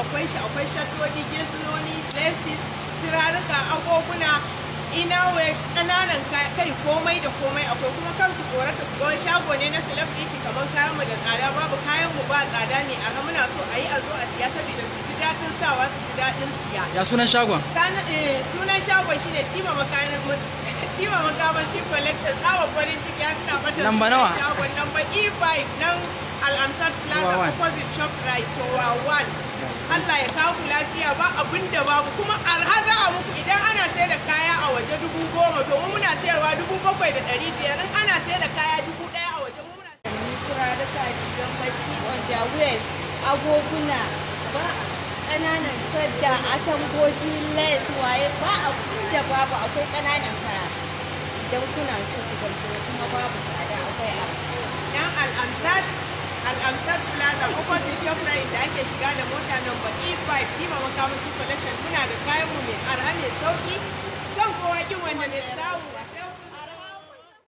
akwai shi akwai shaddodi gezinoni laces turaruka agoguna inawex ƙananan kai komai da komai akwai kuma kar ku tsorata ka ga shago ne na celebrity kamar kayan mu da tsada babu kayan mu ba tsada ne a ga muna so a yi a zo a siya saboda su ji daɗin sawa su ji daɗin siya ya sunan shagon eh, sunan shagon shine tima makanar tima makaman shi collection tsawa farin ciki an kafa ta shagon namba e5 nan al-amsar plaza opposite shop right to 1 ya kawo lafiya ba abin da babu kuma alhaza a muku idan ana sayar da kaya a waje dubu goma domin muna sayarwa dubu bakwai da ɗari biyar in ana sayar da kaya dubu ɗaya a waje mu muna turarruka don bacci on the west agoguna ba ƙananan sadda atambobi les waye ba abin da babu akwai ƙananan kaya idan kuna so ku gamsu kuma babu kaya ake shiga da mota number E5 Tima Makamashi Collection muna da kayan mu mai arha mai sauki son kowa kin wanda mai